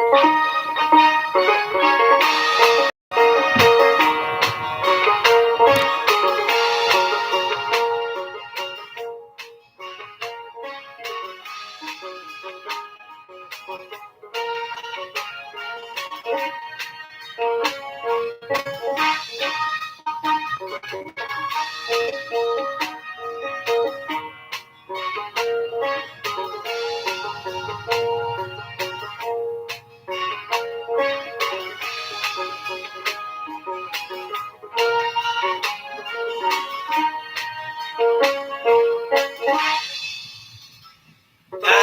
you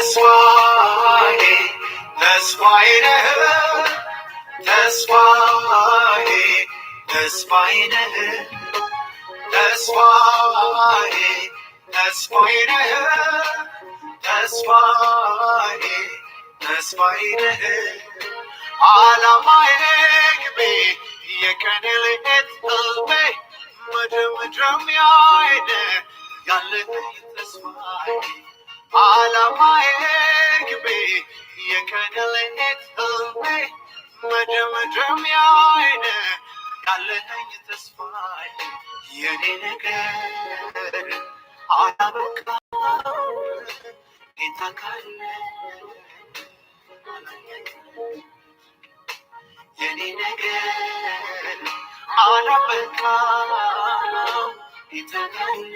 ተስፋዬ ተስፋዬ ነህ ተስፋዬ ተስፋዬ ነህ ተስፋዬ ተስፋዬ ነህ ተስፋዬ ተስፋዬ ነህ ዓላማዬ ግቤ የቀኔ ሌት ጥልቤ ምድር ምድርም ያይነ ያለህ ተስፋዬ አላማዬ ግቤ የከደለኔት ህልሜ መደምደሚያዬ ነህ ያለኸኝ የኔ ነገር አላበቃ ጌታ ካለ የኔ ነገር አላበቃ ጌታ ካለ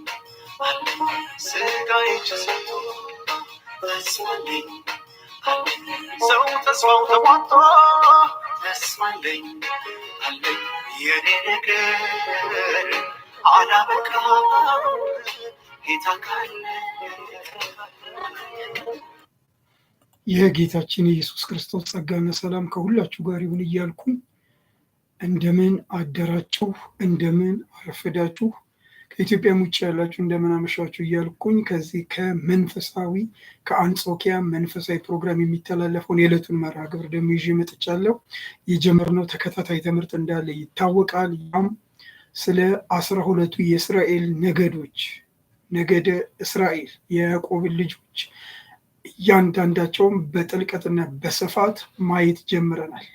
የጌታችን የኢየሱስ ክርስቶስ ጸጋና ሰላም ከሁላችሁ ጋር ይሁን እያልኩ እንደምን አደራችሁ፣ እንደምን አረፈዳችሁ ከኢትዮጵያ ውጭ ያላችሁ እንደምን አመሻችሁ እያልኩኝ ከዚህ ከመንፈሳዊ ከአንጾኪያ መንፈሳዊ ፕሮግራም የሚተላለፈውን የዕለቱን መርሃ ግብር ደግሞ ይዤ መጥቻለሁ። የጀመርነው ተከታታይ ትምህርት እንዳለ ይታወቃል። ያም ስለ አስራ ሁለቱ የእስራኤል ነገዶች ነገደ እስራኤል የያዕቆብ ልጆች እያንዳንዳቸውም በጥልቀትና በስፋት ማየት ጀምረናል።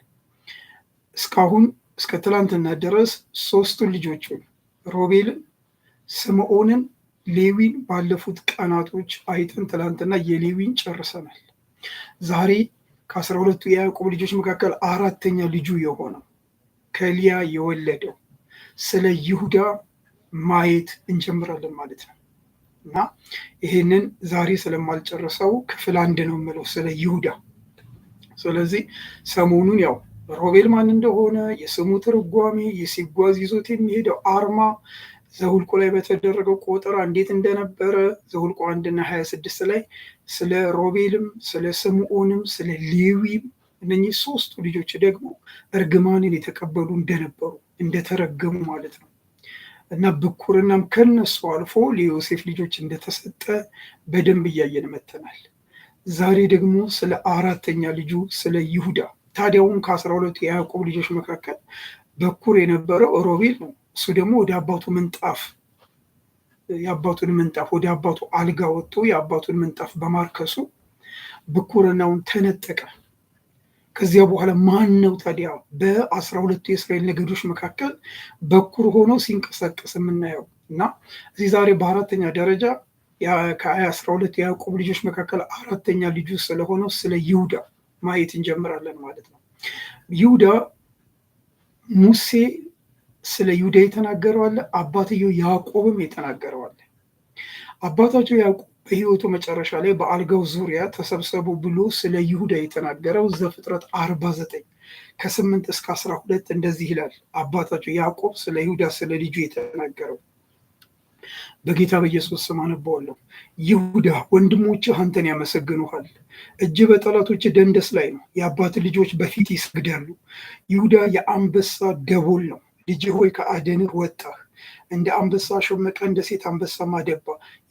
እስካሁን እስከ ትላንትና ድረስ ሶስቱን ልጆች ሮቤልን፣ ስምዖንን፣ ሌዊን ባለፉት ቀናቶች አይተን ትላንትና የሌዊን ጨርሰናል። ዛሬ ከአስራ ሁለቱ የያዕቆብ ልጆች መካከል አራተኛ ልጁ የሆነው ከሊያ የወለደው ስለ ይሁዳ ማየት እንጀምራለን ማለት ነው እና ይሄንን ዛሬ ስለማልጨርሰው ክፍል አንድ ነው የምለው ስለ ይሁዳ። ስለዚህ ሰሞኑን ያው ሮቤል ማን እንደሆነ የስሙ ትርጓሜ፣ የሲጓዝ ይዞት የሚሄደው አርማ ዘሁልቁ ላይ በተደረገው ቆጠራ እንዴት እንደነበረ ዘሁልቁ አንድና ሀያ ስድስት ላይ ስለ ሮቤልም ስለ ስምዖንም ስለ ሌዊም እነኚህ ሶስቱ ልጆች ደግሞ እርግማንን የተቀበሉ እንደነበሩ እንደተረገሙ ማለት ነው እና ብኩርናም ከነሱ አልፎ ለዮሴፍ ልጆች እንደተሰጠ በደንብ እያየን መተናል። ዛሬ ደግሞ ስለ አራተኛ ልጁ ስለ ይሁዳ ታዲያውም ከአስራ ሁለቱ የያዕቆብ ልጆች መካከል በኩር የነበረው ሮቤል ነው። እሱ ደግሞ ወደ አባቱ ምንጣፍ የአባቱን ምንጣፍ ወደ አባቱ አልጋ ወጥቶ የአባቱን ምንጣፍ በማርከሱ ብኩርናውን ተነጠቀ። ከዚያ በኋላ ማን ነው ታዲያ በአስራ ሁለቱ የእስራኤል ነገዶች መካከል በኩር ሆኖ ሲንቀሳቀስ የምናየው? እና እዚህ ዛሬ በአራተኛ ደረጃ አስራ ሁለት የያዕቆብ ልጆች መካከል አራተኛ ልጁ ስለሆነው ስለ ይሁዳ ማየት እንጀምራለን ማለት ነው። ይሁዳ ሙሴ ስለ ይሁዳ የተናገረው አለ። አባትየው ያዕቆብም የተናገረው አለ። አባታቸው ያዕቆብ በህይወቱ መጨረሻ ላይ በአልጋው ዙሪያ ተሰብሰቡ ብሎ ስለ ይሁዳ የተናገረው ዘፍጥረት አርባ ዘጠኝ ከስምንት እስከ አስራ ሁለት እንደዚህ ይላል። አባታቸው ያዕቆብ ስለ ይሁዳ ስለ ልጁ የተናገረው በጌታ በኢየሱስ ስም አነበዋለሁ። ይሁዳ ወንድሞችህ አንተን ያመሰግኑሃል፣ እጅ በጠላቶች ደንደስ ላይ ነው። የአባት ልጆች በፊት ይሰግዳሉ። ይሁዳ የአንበሳ ደቦል ነው ልጅ ሆይ ከአደንህ ወጣህ፣ እንደ አንበሳ ሾመቀ እንደ ሴት አንበሳ ማደባ።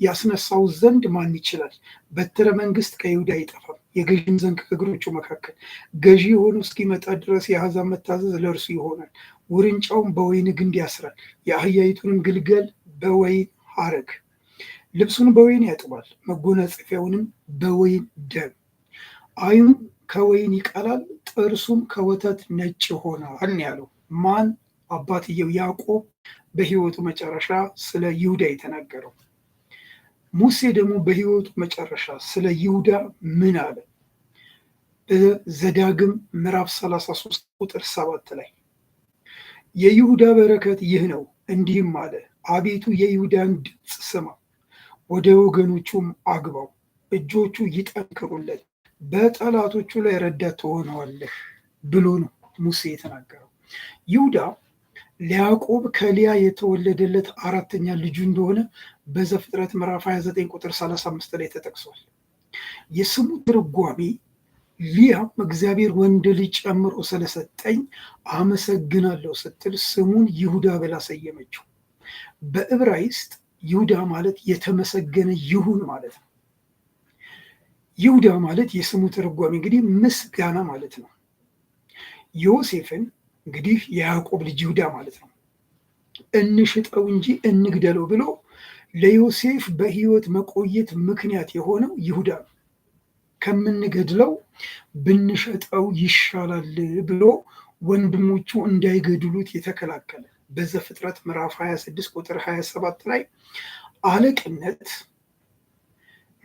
ያስነሳው ዘንድ ማን ይችላል? በትረ መንግስት ከይሁዳ አይጠፋም፣ የገዥም ዘንግ ከእግሮቹ መካከል። ገዢ የሆኑ እስኪመጣ ድረስ የአሕዛብ መታዘዝ ለእርሱ ይሆናል። ውርንጫውን በወይን ግንድ ያስራል፣ የአህያይቱንም ግልገል በወይን ሐረግ። ልብሱን በወይን ያጥባል፣ መጎናጸፊያውንም በወይን ደም። አይኑ ከወይን ይቀላል፣ ጥርሱም ከወተት ነጭ ይሆናል ያለው ማን አባትየው ያዕቆብ በህይወቱ መጨረሻ ስለ ይሁዳ የተናገረው። ሙሴ ደግሞ በህይወቱ መጨረሻ ስለ ይሁዳ ምን አለ? በዘዳግም ምዕራፍ 33 ቁጥር 7 ላይ የይሁዳ በረከት ይህ ነው፣ እንዲህም አለ፣ አቤቱ የይሁዳን ድምፅ ስማ፣ ወደ ወገኖቹም አግባው፣ እጆቹ ይጠንክሩለት፣ በጠላቶቹ ላይ ረዳት ትሆነዋለህ ብሎ ነው ሙሴ የተናገረው። ይሁዳ ለያዕቆብ ከሊያ የተወለደለት አራተኛ ልጁ እንደሆነ በዘፍጥረት ምዕራፍ 29 ቁጥር 35 ላይ ተጠቅሷል። የስሙ ትርጓሜ ሊያም እግዚአብሔር ወንድ ልጅ ጨምሮ ስለሰጠኝ አመሰግናለሁ ስትል ስሙን ይሁዳ ብላ ሰየመችው። በዕብራይስጥ ይሁዳ ማለት የተመሰገነ ይሁን ማለት ነው። ይሁዳ ማለት የስሙ ትርጓሜ እንግዲህ ምስጋና ማለት ነው። ዮሴፍን እንግዲህ የያዕቆብ ልጅ ይሁዳ ማለት ነው። እንሽጠው እንጂ እንግደለው ብሎ ለዮሴፍ በህይወት መቆየት ምክንያት የሆነው ይሁዳ ነው። ከምንገድለው ብንሸጠው ይሻላል ብሎ ወንድሞቹ እንዳይገድሉት የተከላከለ በዘፍጥረት ምዕራፍ 26 ቁጥር 27 ላይ አለቅነት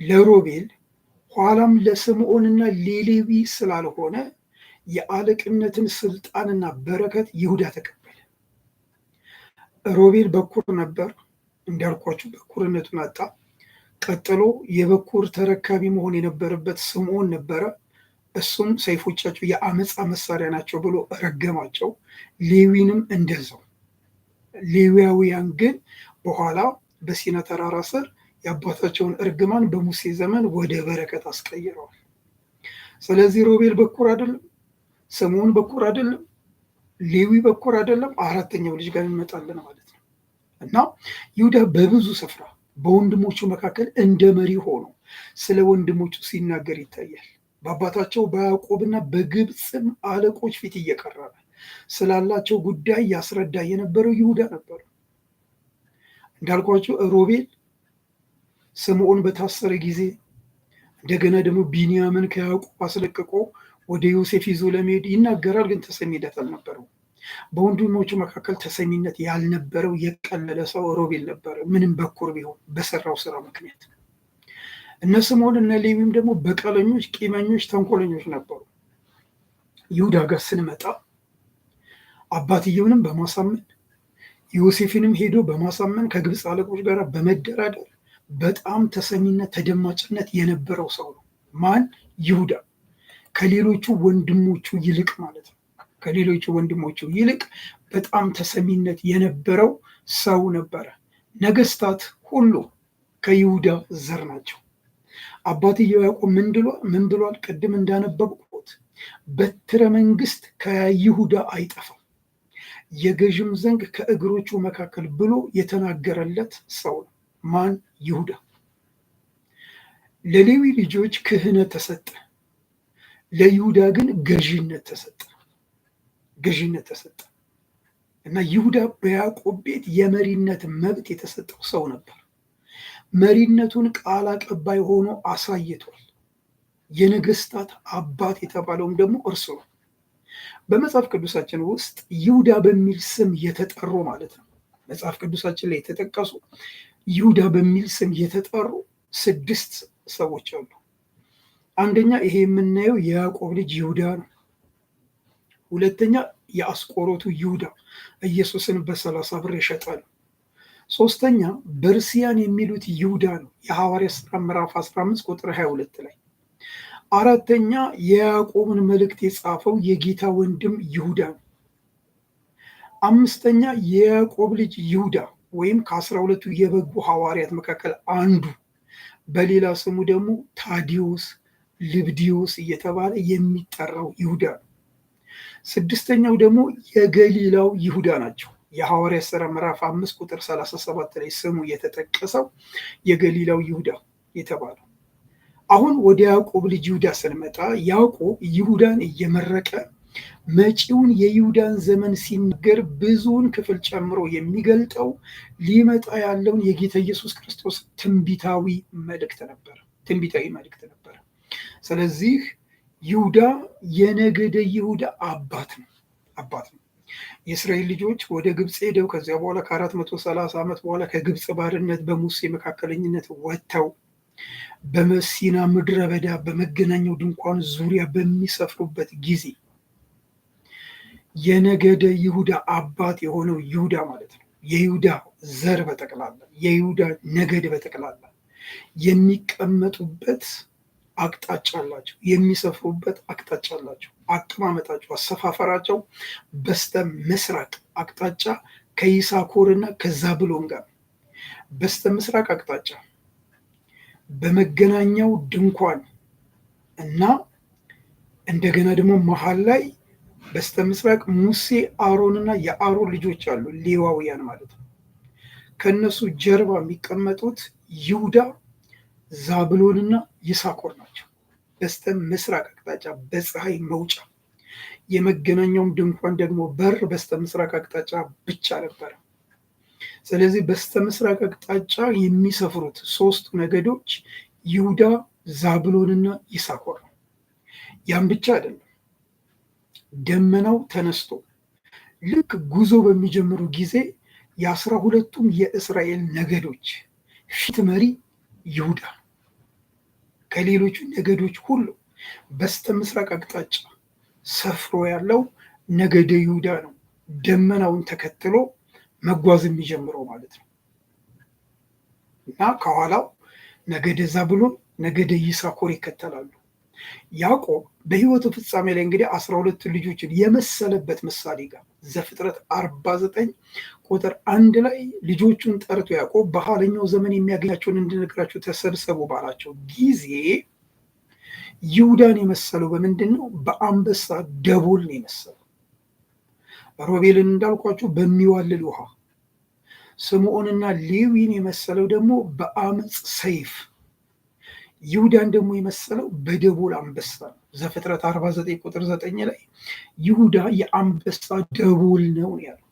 ለሮቤል ኋላም ለስምዖንና ለሌዊ ስላልሆነ የአለቅነትን ስልጣንና በረከት ይሁዳ ተቀበለ። ሮቤል በኩር ነበር፣ እንዳልኳችሁ በኩርነቱን አጣ። ቀጥሎ የበኩር ተረካቢ መሆን የነበረበት ስምዖን ነበረ። እሱም ሰይፎቻቸው የአመፃ መሳሪያ ናቸው ብሎ ረገማቸው። ሌዊንም እንደዛው። ሌዊያውያን ግን በኋላ በሲና ተራራ ስር የአባታቸውን እርግማን በሙሴ ዘመን ወደ በረከት አስቀይረዋል። ስለዚህ ሮቤል በኩር አይደለም፣ ስምዖን በኩር አይደለም፣ ሌዊ በኩር አይደለም። አራተኛው ልጅ ጋር እንመጣለን ማለት ነው እና ይሁዳ በብዙ ስፍራ በወንድሞቹ መካከል እንደ መሪ ሆኖ ስለ ወንድሞቹ ሲናገር ይታያል። በአባታቸው በያዕቆብና በግብፅም አለቆች ፊት እየቀረበ ስላላቸው ጉዳይ ያስረዳ የነበረው ይሁዳ ነበር። እንዳልኳቸው ሮቤል ስምዖን በታሰረ ጊዜ እንደገና ደግሞ ቢንያምን ከያዕቆብ አስለቅቆ ወደ ዮሴፍ ይዞ ለመሄድ ይናገራል፣ ግን ተሰሚነት አልነበረው። በወንድሞቹ መካከል ተሰሚነት ያልነበረው የቀለለ ሰው ሮቤል ነበረ። ምንም በኩር ቢሆን በሰራው ስራ ምክንያት እነ ስምዖን እነ ሌዊም ደግሞ በቀለኞች፣ ቂመኞች፣ ተንኮለኞች ነበሩ። ይሁዳ ጋር ስንመጣ አባትየውንም በማሳመን ዮሴፍንም ሄዶ በማሳመን ከግብፅ አለቆች ጋር በመደራደር በጣም ተሰሚነት ተደማጭነት የነበረው ሰው ነው። ማን? ይሁዳ ከሌሎቹ ወንድሞቹ ይልቅ ማለት ነው ከሌሎቹ ወንድሞቹ ይልቅ በጣም ተሰሚነት የነበረው ሰው ነበረ። ነገስታት ሁሉ ከይሁዳ ዘር ናቸው። አባትየው ያዕቆብ ምን ብሏል? ቅድም እንዳነበብኩት በትረ መንግስት ከይሁዳ አይጠፋም የገዥም ዘንግ ከእግሮቹ መካከል ብሎ የተናገረለት ሰው ነው። ማን? ይሁዳ። ለሌዊ ልጆች ክህነት ተሰጠ። ለይሁዳ ግን ገዥነት ተሰጠ። ገዥነት ተሰጠ እና ይሁዳ በያዕቆብ ቤት የመሪነት መብት የተሰጠው ሰው ነበር። መሪነቱን ቃል አቀባይ ሆኖ አሳይቷል። የነገስታት አባት የተባለውም ደግሞ እርሱ ነው። በመጽሐፍ ቅዱሳችን ውስጥ ይሁዳ በሚል ስም የተጠሩ ማለት ነው። መጽሐፍ ቅዱሳችን ላይ የተጠቀሱ ይሁዳ በሚል ስም የተጠሩ ስድስት ሰዎች አሉ። አንደኛ ይሄ የምናየው የያዕቆብ ልጅ ይሁዳ ነው። ሁለተኛ የአስቆሮቱ ይሁዳ ኢየሱስን በሰላሳ ብር ይሸጣል። ሶስተኛ በርሲያን የሚሉት ይሁዳ ነው የሐዋርያት ሥራ ምዕራፍ 15 ቁጥር 22 ላይ። አራተኛ የያዕቆብን መልእክት የጻፈው የጌታ ወንድም ይሁዳ ነው። አምስተኛ የያዕቆብ ልጅ ይሁዳ ወይም ከአስራ ሁለቱ የበጉ ሐዋርያት መካከል አንዱ በሌላ ስሙ ደግሞ ታዲዮስ ልብዲዮስ እየተባለ የሚጠራው ይሁዳ ነው። ስድስተኛው ደግሞ የገሊላው ይሁዳ ናቸው። የሐዋርያ ሥራ ምዕራፍ አምስት ቁጥር ሰላሳ ሰባት ላይ ስሙ የተጠቀሰው የገሊላው ይሁዳ የተባለው። አሁን ወደ ያዕቆብ ልጅ ይሁዳ ስንመጣ ያዕቆብ ይሁዳን እየመረቀ መጪውን የይሁዳን ዘመን ሲናገር ብዙውን ክፍል ጨምሮ የሚገልጠው ሊመጣ ያለውን የጌታ ኢየሱስ ክርስቶስ ትንቢታዊ መልእክት ነበር። ትንቢታዊ መልእክት ነበር። ስለዚህ ይሁዳ የነገደ ይሁዳ አባት ነው አባት ነው። የእስራኤል ልጆች ወደ ግብፅ ሄደው ከዚያ በኋላ ከአራት መቶ ሰላሳ ዓመት በኋላ ከግብፅ ባርነት በሙሴ መካከለኝነት ወጥተው በመሲና ምድረ በዳ በመገናኛው ድንኳን ዙሪያ በሚሰፍሩበት ጊዜ የነገደ ይሁዳ አባት የሆነው ይሁዳ ማለት ነው። የይሁዳ ዘር በጠቅላላ የይሁዳ ነገድ በጠቅላላ የሚቀመጡበት አቅጣጫ አላቸው። የሚሰፍሩበት አቅጣጫ አላቸው። አቀማመጣቸው፣ አሰፋፈራቸው በስተ ምስራቅ አቅጣጫ ከይሳኮር እና ከዛብሎን ጋር በስተ ምስራቅ አቅጣጫ በመገናኛው ድንኳን እና እንደገና ደግሞ መሀል ላይ በስተ ምስራቅ ሙሴ አሮን የአሮን ልጆች አሉ ሌዋውያን ማለት ነው። ከእነሱ ጀርባ የሚቀመጡት ይሁዳ ዛብሎንና ይሳኮር ናቸው። በስተ ምስራቅ አቅጣጫ በፀሐይ መውጫ የመገናኛውም ድንኳን ደግሞ በር በስተ ምስራቅ አቅጣጫ ብቻ ነበረ። ስለዚህ በስተ ምስራቅ አቅጣጫ የሚሰፍሩት ሶስቱ ነገዶች ይሁዳ፣ ዛብሎንና ይሳኮር ነው። ያም ብቻ አይደለም። ደመናው ተነስቶ ልክ ጉዞ በሚጀምሩ ጊዜ የአስራ ሁለቱም የእስራኤል ነገዶች ፊት መሪ ይሁዳ ከሌሎቹ ነገዶች ሁሉ በስተ ምስራቅ አቅጣጫ ሰፍሮ ያለው ነገደ ይሁዳ ነው። ደመናውን ተከትሎ መጓዝ የሚጀምረው ማለት ነው እና ከኋላው ነገደ ዛብሎን፣ ነገደ ይሳኮር ይከተላሉ። ያዕቆብ በህይወቱ ፍጻሜ ላይ እንግዲህ አስራ ሁለት ልጆችን የመሰለበት ምሳሌ ጋር ዘፍጥረት አርባ ዘጠኝ ቁጥር አንድ ላይ ልጆቹን ጠርቶ ያዕቆብ በኋለኛው ዘመን የሚያገኛቸውን እንድነግራቸው ተሰብሰቡ ባላቸው ጊዜ ይሁዳን የመሰለው በምንድን ነው? በአንበሳ ደቦል ነው የመሰለው። ሮቤልን እንዳልኳቸው በሚዋልል ውሃ፣ ስምዖንና ሌዊን የመሰለው ደግሞ በአመፅ ሰይፍ ይሁዳን ደግሞ የመሰለው በደቦል አንበሳ ነው። ዘፍጥረት 49 ቁጥር 9 ላይ ይሁዳ የአንበሳ ደቦል ነው ያለው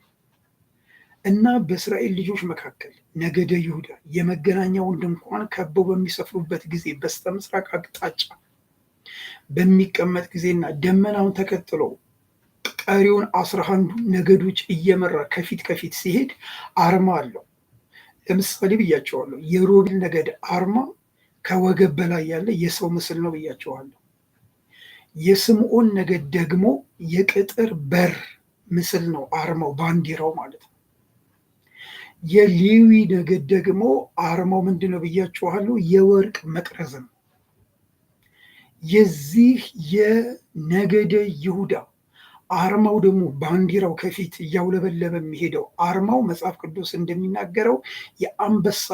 እና በእስራኤል ልጆች መካከል ነገደ ይሁዳ የመገናኛውን ድንኳን ከበው በሚሰፍሩበት ጊዜ በስተ ምስራቅ አቅጣጫ በሚቀመጥ ጊዜና ደመናውን ተከትሎ ቀሪውን አስራ አንዱ ነገዶች እየመራ ከፊት ከፊት ሲሄድ አርማ አለው። ለምሳሌ ብያቸዋለሁ፣ የሮቤል ነገድ አርማ ከወገብ በላይ ያለ የሰው ምስል ነው ብያቸዋለሁ። የስምዖን ነገድ ደግሞ የቅጥር በር ምስል ነው አርማው፣ ባንዲራው ማለት ነው። የሌዊ ነገድ ደግሞ አርማው ምንድን ነው ብያችኋለሁ? የወርቅ መቅረዝ ነው። የዚህ የነገደ ይሁዳ አርማው ደግሞ ባንዲራው ከፊት እያውለበለበ የሚሄደው አርማው መጽሐፍ ቅዱስ እንደሚናገረው የአንበሳ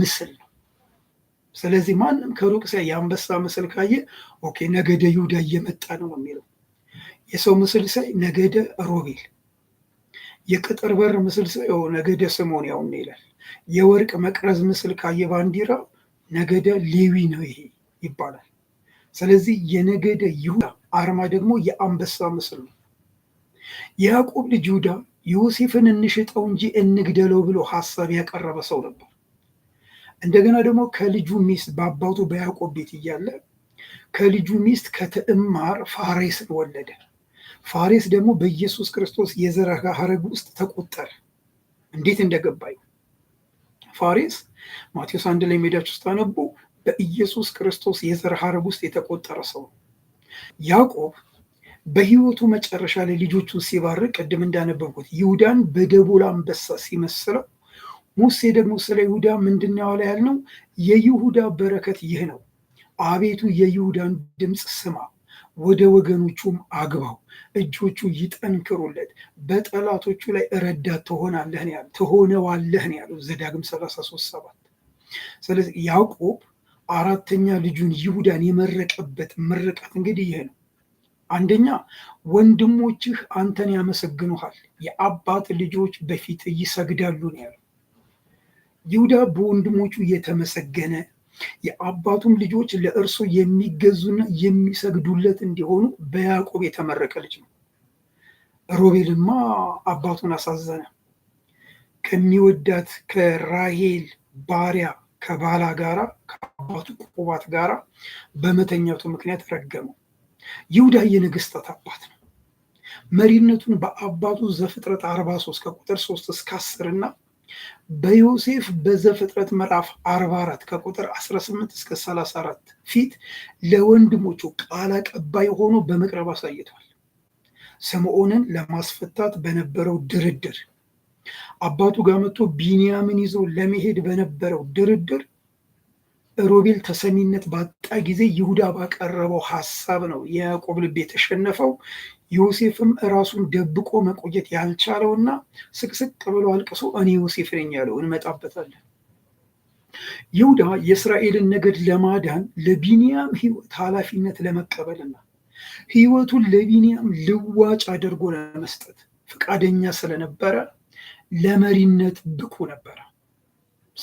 ምስል ነው። ስለዚህ ማንም ከሩቅ ሲያ የአንበሳ ምስል ካየ ኦኬ ነገደ ይሁዳ እየመጣ ነው የሚለው። የሰው ምስል ሳይ ነገደ ሮቤል፣ የቅጥር በር ምስል ሳይ ነገደ ስምዖን ያውም ይላል። የወርቅ መቅረዝ ምስል ካየ ባንዲራ ነገደ ሌዊ ነው ይሄ ይባላል። ስለዚህ የነገደ ይሁዳ አርማ ደግሞ የአንበሳ ምስል ነው። የያዕቆብ ልጅ ይሁዳ ዮሴፍን እንሽጠው እንጂ እንግደለው ብሎ ሀሳብ ያቀረበ ሰው ነበር። እንደገና ደግሞ ከልጁ ሚስት በአባቱ በያዕቆብ ቤት እያለ ከልጁ ሚስት ከትዕማር ፋሬስን ወለደ። ፋሬስ ደግሞ በኢየሱስ ክርስቶስ የዘር ሐረግ ውስጥ ተቆጠረ። እንዴት እንደገባዩ ፋሬስ ማቴዎስ አንድ ላይ ሜዳችሁ ስታነቡ በኢየሱስ ክርስቶስ የዘር ሐረግ ውስጥ የተቆጠረ ሰው ነው። ያዕቆብ በህይወቱ መጨረሻ ላይ ልጆቹን ሲባርቅ ቅድም እንዳነበብኩት ይሁዳን በደቦል አንበሳ ሲመስለው ሙሴ ደግሞ ስለ ይሁዳ ምንድን ነው ያለ ያልነው? የይሁዳ በረከት ይህ ነው፣ አቤቱ የይሁዳን ድምፅ ስማ፣ ወደ ወገኖቹም አግባው፣ እጆቹ ይጠንክሩለት፣ በጠላቶቹ ላይ ረዳት ትሆናለህ ትሆነዋለህ ያለው ዘዳግም 33 ሰባት ስለዚህ ያዕቆብ አራተኛ ልጁን ይሁዳን የመረቀበት ምርቃት እንግዲህ ይህ ነው። አንደኛ ወንድሞችህ አንተን ያመሰግኑሃል፣ የአባት ልጆች በፊት ይሰግዳሉ ነው ያለው። ይሁዳ በወንድሞቹ የተመሰገነ የአባቱም ልጆች ለእርሱ የሚገዙና የሚሰግዱለት እንዲሆኑ በያዕቆብ የተመረቀ ልጅ ነው። ሮቤልማ አባቱን አሳዘነ። ከሚወዳት ከራሄል ባሪያ ከባላ ጋራ ከአባቱ ቁባት ጋራ በመተኛቱ ምክንያት ረገመው። ይሁዳ የነገስታት አባት ነው። መሪነቱን በአባቱ ዘፍጥረት 43 ከቁጥር 3 እስከ 10 እና በዮሴፍ በዘፍጥረት ምዕራፍ 44 ከቁጥር 18 እስከ 34 ፊት ለወንድሞቹ ቃል አቀባይ ሆኖ በመቅረብ አሳይቷል። ስምዖንን ለማስፈታት በነበረው ድርድር፣ አባቱ ጋር መጥቶ ቢንያምን ይዞ ለመሄድ በነበረው ድርድር፣ ሮቤል ተሰሚነት ባጣ ጊዜ ይሁዳ ባቀረበው ሀሳብ ነው የያዕቆብ ልብ የተሸነፈው። ዮሴፍም ራሱን ደብቆ መቆየት ያልቻለውና ስቅስቅ ብሎ አልቅሶ እኔ ዮሴፍ ነኝ ያለው እንመጣበታለን። ይሁዳ የእስራኤልን ነገድ ለማዳን ለቢንያም ሕይወት ኃላፊነት ለመቀበልና ሕይወቱን ለቢንያም ልዋጭ አድርጎ ለመስጠት ፈቃደኛ ስለነበረ ለመሪነት ብቁ ነበረ።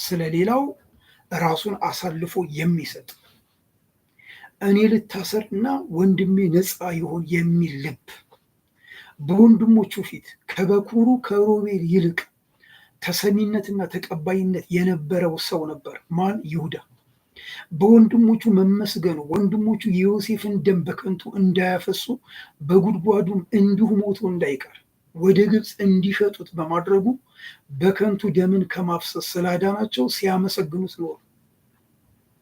ስለሌላው ራሱን አሳልፎ የሚሰጥ እኔ ልታሰርና ወንድሜ ነፃ ይሆን የሚል ልብ በወንድሞቹ ፊት ከበኩሩ ከሮቤል ይልቅ ተሰሚነትና ተቀባይነት የነበረው ሰው ነበር። ማን? ይሁዳ። በወንድሞቹ መመስገኑ ወንድሞቹ የዮሴፍን ደም በከንቱ እንዳያፈሱ በጉድጓዱም እንዲሁ ሞቶ እንዳይቀር ወደ ግብፅ እንዲሸጡት በማድረጉ በከንቱ ደምን ከማፍሰስ ስላዳናቸው ሲያመሰግኑት ኖሩ።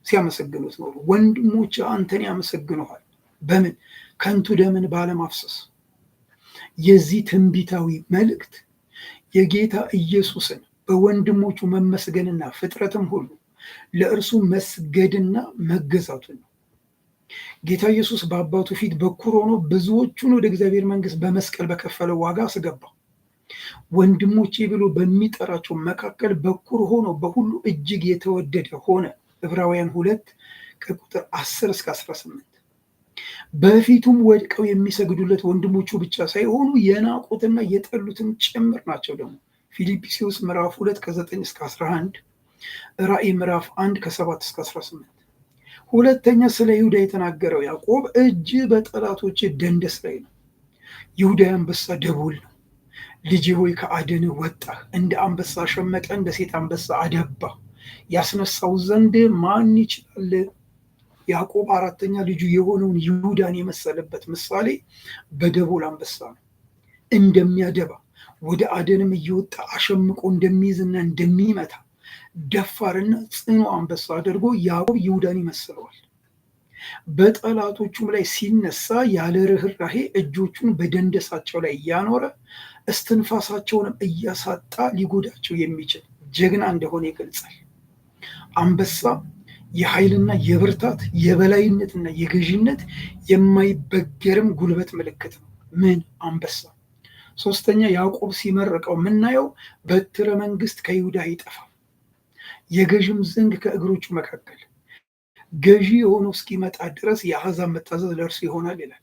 ሲያመሰግኑት ኖሩ። ወንድሞች አንተን ያመሰግኑሃል። በምን ከንቱ ደምን ባለማፍሰስ። የዚህ ትንቢታዊ መልእክት የጌታ ኢየሱስን በወንድሞቹ መመስገንና ፍጥረትም ሁሉ ለእርሱ መስገድና መገዛቱን ነው። ጌታ ኢየሱስ በአባቱ ፊት በኩር ሆኖ ብዙዎቹን ወደ እግዚአብሔር መንግስት በመስቀል በከፈለው ዋጋ አስገባ። ወንድሞቼ ብሎ በሚጠራቸው መካከል በኩር ሆኖ በሁሉ እጅግ የተወደደ ሆነ። ዕብራውያን ሁለት ከቁጥር 10 እስከ 18 በፊቱም ወድቀው የሚሰግዱለት ወንድሞቹ ብቻ ሳይሆኑ የናቁትና የጠሉትም ጭምር ናቸው። ደግሞ ፊልጵስዩስ ምዕራፍ 2 ከ9 እስከ 11፣ ራእይ ምዕራፍ 1 ከ7 እስከ 18። ሁለተኛ ስለ ይሁዳ የተናገረው ያዕቆብ እጅ በጠላቶች ደንደስ ላይ ነው። ይሁዳ አንበሳ ደቦል ነው። ልጅ ሆይ ከአደን ወጣህ፣ እንደ አንበሳ ሸመቀ፣ እንደ ሴት አንበሳ አደባ ያስነሳው ዘንድ ማን ይችላል? ያዕቆብ አራተኛ ልጁ የሆነውን ይሁዳን የመሰለበት ምሳሌ በደቦል አንበሳ ነው። እንደሚያደባ ወደ አደንም እየወጣ አሸምቆ እንደሚይዝና እንደሚመታ ደፋርና ጽኑ አንበሳ አድርጎ ያዕቆብ ይሁዳን ይመስለዋል። በጠላቶቹም ላይ ሲነሳ ያለ ርኅራሄ እጆቹን በደንደሳቸው ላይ እያኖረ እስትንፋሳቸውንም እያሳጣ ሊጎዳቸው የሚችል ጀግና እንደሆነ ይገልጻል። አንበሳ የኃይልና የብርታት የበላይነትና የገዥነት የማይበገርም ጉልበት ምልክት ነው። ምን አንበሳ። ሶስተኛ ያዕቆብ ሲመረቀው የምናየው በትረ መንግስት ከይሁዳ ይጠፋ የገዥም ዘንግ ከእግሮቹ መካከል ገዢ የሆነው እስኪመጣ ድረስ የአሕዛብ መታዘዝ ለእርሱ ይሆናል ይላል።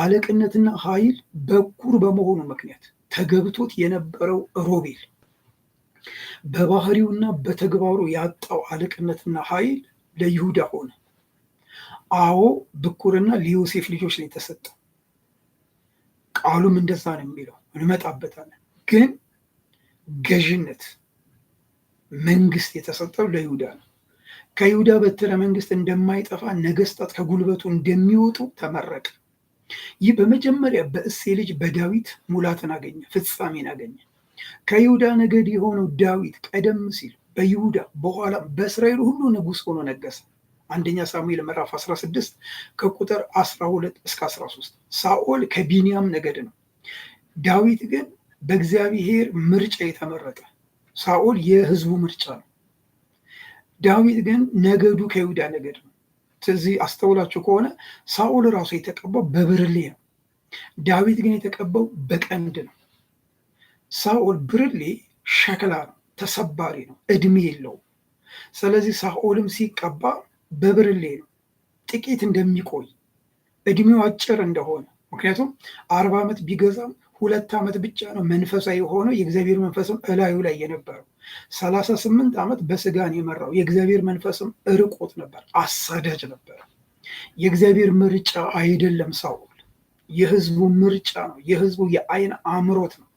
አለቅነትና ኃይል በኩር በመሆኑ ምክንያት ተገብቶት የነበረው ሮቤል በባህሪውና በተግባሩ ያጣው አለቅነትና ኃይል ለይሁዳ ሆነ። አዎ ብኩርና ለዮሴፍ ልጆች ነው የተሰጠው። ቃሉም እንደዛ ነው የሚለው፣ እንመጣበታለን። ግን ገዥነት መንግስት የተሰጠው ለይሁዳ ነው። ከይሁዳ በትረ መንግስት እንደማይጠፋ ነገስታት ከጉልበቱ እንደሚወጡ ተመረቀ። ይህ በመጀመሪያ በእሴ ልጅ በዳዊት ሙላትን አገኘ፣ ፍጻሜን አገኘ። ከይሁዳ ነገድ የሆነው ዳዊት ቀደም ሲል በይሁዳ በኋላም በእስራኤል ሁሉ ንጉሥ ሆኖ ነገሰ። አንደኛ ሳሙኤል ምዕራፍ 16 ከቁጥር 12 እስከ 13። ሳኦል ከቢንያም ነገድ ነው። ዳዊት ግን በእግዚአብሔር ምርጫ የተመረጠ ሳኦል የህዝቡ ምርጫ ነው። ዳዊት ግን ነገዱ ከይሁዳ ነገድ ነው። ስለዚህ አስተውላችሁ ከሆነ ሳኦል ራሱ የተቀባው በብርሌ ነው። ዳዊት ግን የተቀባው በቀንድ ነው። ሳኦል ብርሌ ሸክላ ነው፣ ተሰባሪ ነው፣ እድሜ የለውም። ስለዚህ ሳኦልም ሲቀባ በብርሌ ነው፣ ጥቂት እንደሚቆይ እድሜው አጭር እንደሆነ ምክንያቱም አርባ ዓመት ቢገዛም ሁለት ዓመት ብቻ ነው መንፈሳዊ የሆነው የእግዚአብሔር መንፈስም እላዩ ላይ የነበረው። ሰላሳ ስምንት ዓመት በስጋን የመራው የእግዚአብሔር መንፈስም እርቆት ነበር፣ አሳዳጅ ነበር። የእግዚአብሔር ምርጫ አይደለም ሳኦል፣ የህዝቡ ምርጫ ነው። የህዝቡ የአይን አምሮት ነው።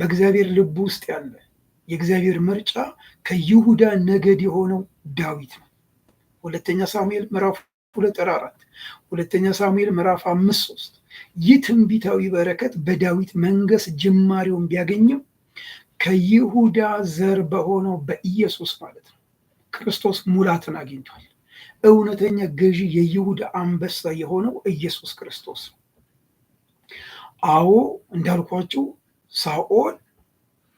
በእግዚአብሔር ልብ ውስጥ ያለ የእግዚአብሔር ምርጫ ከይሁዳ ነገድ የሆነው ዳዊት ነው። ሁለተኛ ሳሙኤል ምዕራፍ ሁለት አራት ሁለተኛ ሳሙኤል ምዕራፍ አምስት ሶስት ይህ ትንቢታዊ በረከት በዳዊት መንገስ ጅማሬውን ቢያገኘው ከይሁዳ ዘር በሆነው በኢየሱስ ማለት ነው። ክርስቶስ ሙላትን አግኝቷል። እውነተኛ ገዢ የይሁዳ አንበሳ የሆነው ኢየሱስ ክርስቶስ ነው። አዎ እንዳልኳችሁ ሳኦል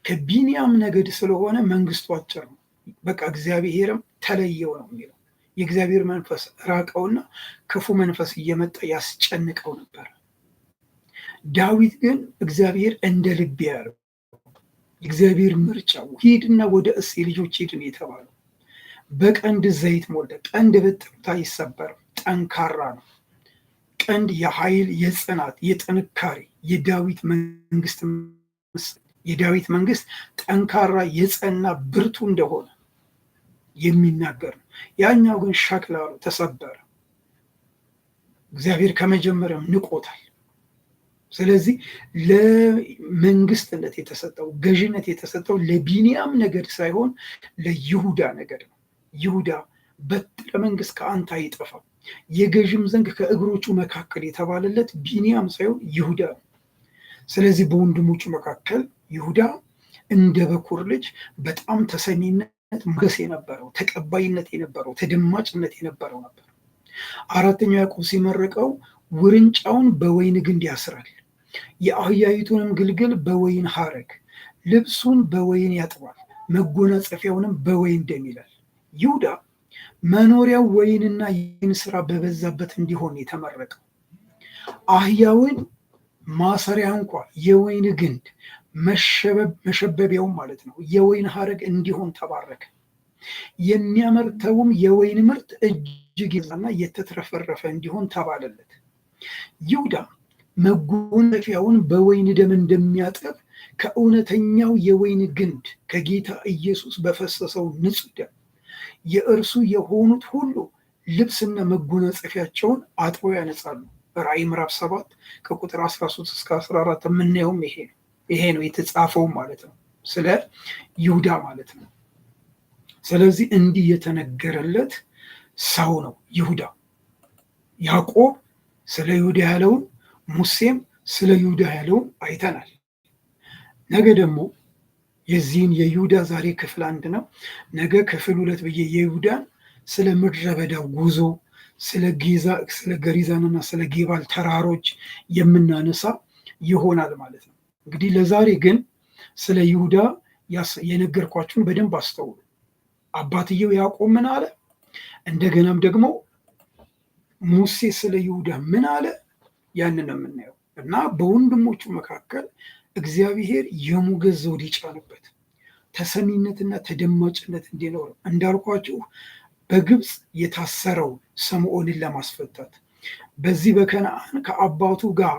ከቢንያም ነገድ ስለሆነ መንግስቱ አጭር ነው፣ በቃ እግዚአብሔርም ተለየው ነው የሚለው። የእግዚአብሔር መንፈስ ራቀውና ክፉ መንፈስ እየመጣ ያስጨንቀው ነበር። ዳዊት ግን እግዚአብሔር እንደ ልቤ ያለው የእግዚአብሔር ምርጫው ሂድና ወደ እሴ ልጆች ሂድን የተባለው በቀንድ ዘይት ሞልተ ቀንድ በጥብታ አይሰበርም፣ ጠንካራ ነው። ቀንድ የኃይል የጽናት የጥንካሬ የዳዊት መንግስት የዳዊት መንግስት ጠንካራ የጸና ብርቱ እንደሆነ የሚናገር ነው። ያኛው ግን ሸክላ ተሰበረ። እግዚአብሔር ከመጀመሪያው ንቆታል። ስለዚህ ለመንግስትነት የተሰጠው ገዥነት የተሰጠው ለቢንያም ነገድ ሳይሆን ለይሁዳ ነገድ ነው። ይሁዳ በትረ መንግስት ከአንተ አይጠፋም፣ የገዥም ዘንግ ከእግሮቹ መካከል የተባለለት ቢንያም ሳይሆን ይሁዳ ነው። ስለዚህ በወንድሞቹ መካከል ይሁዳ እንደ በኩር ልጅ በጣም ተሰሚነት፣ ሞገስ የነበረው ተቀባይነት የነበረው ተደማጭነት የነበረው ነበር። አራተኛው ያዕቆብ ሲመረቀው ውርንጫውን በወይን ግንድ ያስራል፣ የአህያይቱንም ግልግል በወይን ሐረግ፣ ልብሱን በወይን ያጥባል፣ መጎናጸፊያውንም በወይን ደም ይላል። ይሁዳ መኖሪያው ወይንና ይህን ስራ በበዛበት እንዲሆን የተመረቀው አህያውን ማሰሪያ እንኳ የወይን ግንድ መሸበቢያውም ማለት ነው የወይን ሀረግ እንዲሆን ተባረከ። የሚያመርተውም የወይን ምርት እጅግ ይዛና የተትረፈረፈ እንዲሆን ተባለለት። ይሁዳ መጎናጸፊያውን በወይን ደም እንደሚያጠብ ከእውነተኛው የወይን ግንድ ከጌታ ኢየሱስ በፈሰሰው ንጹሕ ደም የእርሱ የሆኑት ሁሉ ልብስና መጎናጸፊያቸውን አጥበው ያነጻሉ። በራእይ ምዕራፍ ሰባት ከቁጥር 13 እስከ 14 የምናየውም ይሄ ነው ይሄ ነው የተጻፈው ማለት ነው ስለ ይሁዳ ማለት ነው። ስለዚህ እንዲህ የተነገረለት ሰው ነው ይሁዳ። ያዕቆብ ስለ ይሁዳ ያለውን ሙሴም ስለ ይሁዳ ያለውን አይተናል። ነገ ደግሞ የዚህን የይሁዳ ዛሬ ክፍል አንድ ነው። ነገ ክፍል ሁለት ብዬ የይሁዳን ስለ ምድረ በዳው ጉዞ ስለ ገሪዛንና ስለ ጌባል ተራሮች የምናነሳ ይሆናል ማለት ነው። እንግዲህ ለዛሬ ግን ስለ ይሁዳ የነገርኳችሁን በደንብ አስተውሉ። አባትየው ያዕቆብ ምን አለ? እንደገናም ደግሞ ሙሴ ስለ ይሁዳ ምን አለ? ያንን የምናየው እና በወንድሞቹ መካከል እግዚአብሔር የሞገዝ ዘውድ ይጫንበት፣ ተሰሚነትና ተደማጭነት እንዲኖር እንዳልኳችሁ በግብፅ የታሰረው ሰምዖንን ለማስፈታት በዚህ በከነአን ከአባቱ ጋር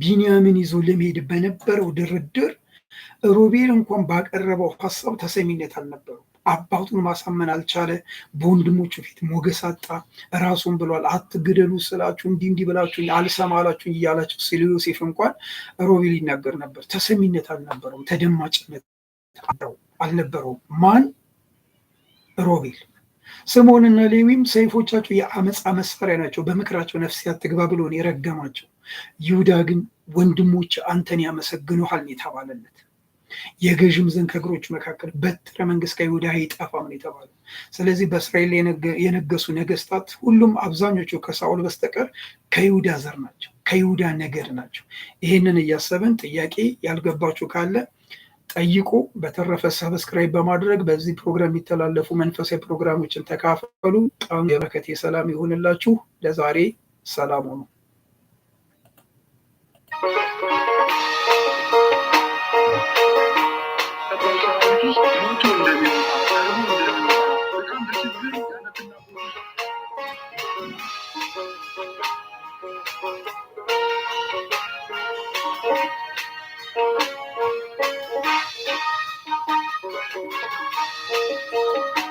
ቢንያምን ይዞ ለመሄድ በነበረው ድርድር ሮቤል እንኳን ባቀረበው ሀሳብ ተሰሚነት አልነበረው። አባቱን ማሳመን አልቻለ። በወንድሞቹ ፊት ሞገስ አጣ። ራሱን ብሏል። አትግደሉ ስላችሁ እንዲህ እንዲህ ብላችሁ አልሰማ አላችሁ እያላችሁ ዮሴፍ እንኳን ሮቤል ይናገር ነበር። ተሰሚነት አልነበረውም። ተደማጭነት አልነበረውም። ማን ሮቤል ስምዖንና ሌዊም ሰይፎቻቸው የአመፃ መሳሪያ ናቸው፣ በምክራቸው ነፍስህ አትግባ ብሎን የረገማቸው። ይሁዳ ግን ወንድሞች አንተን ያመሰግኑሃል የተባለለት የገዥም ዘንድ ከእግሮች መካከል በትረ መንግስት ከይሁዳ አይጠፋም ነው ስለዚህ በእስራኤል የነገሱ ነገስታት ሁሉም አብዛኞቹ ከሳኦል በስተቀር ከይሁዳ ዘር ናቸው፣ ከይሁዳ ነገድ ናቸው። ይህንን እያሰብን ጥያቄ ያልገባችሁ ካለ ጠይቁ። በተረፈ ሰብስክራይብ በማድረግ በዚህ ፕሮግራም የሚተላለፉ መንፈሳዊ ፕሮግራሞችን ተካፈሉ። ጣም የበረከት የሰላም ይሆንላችሁ። ለዛሬ ሰላም ሆኑ። Música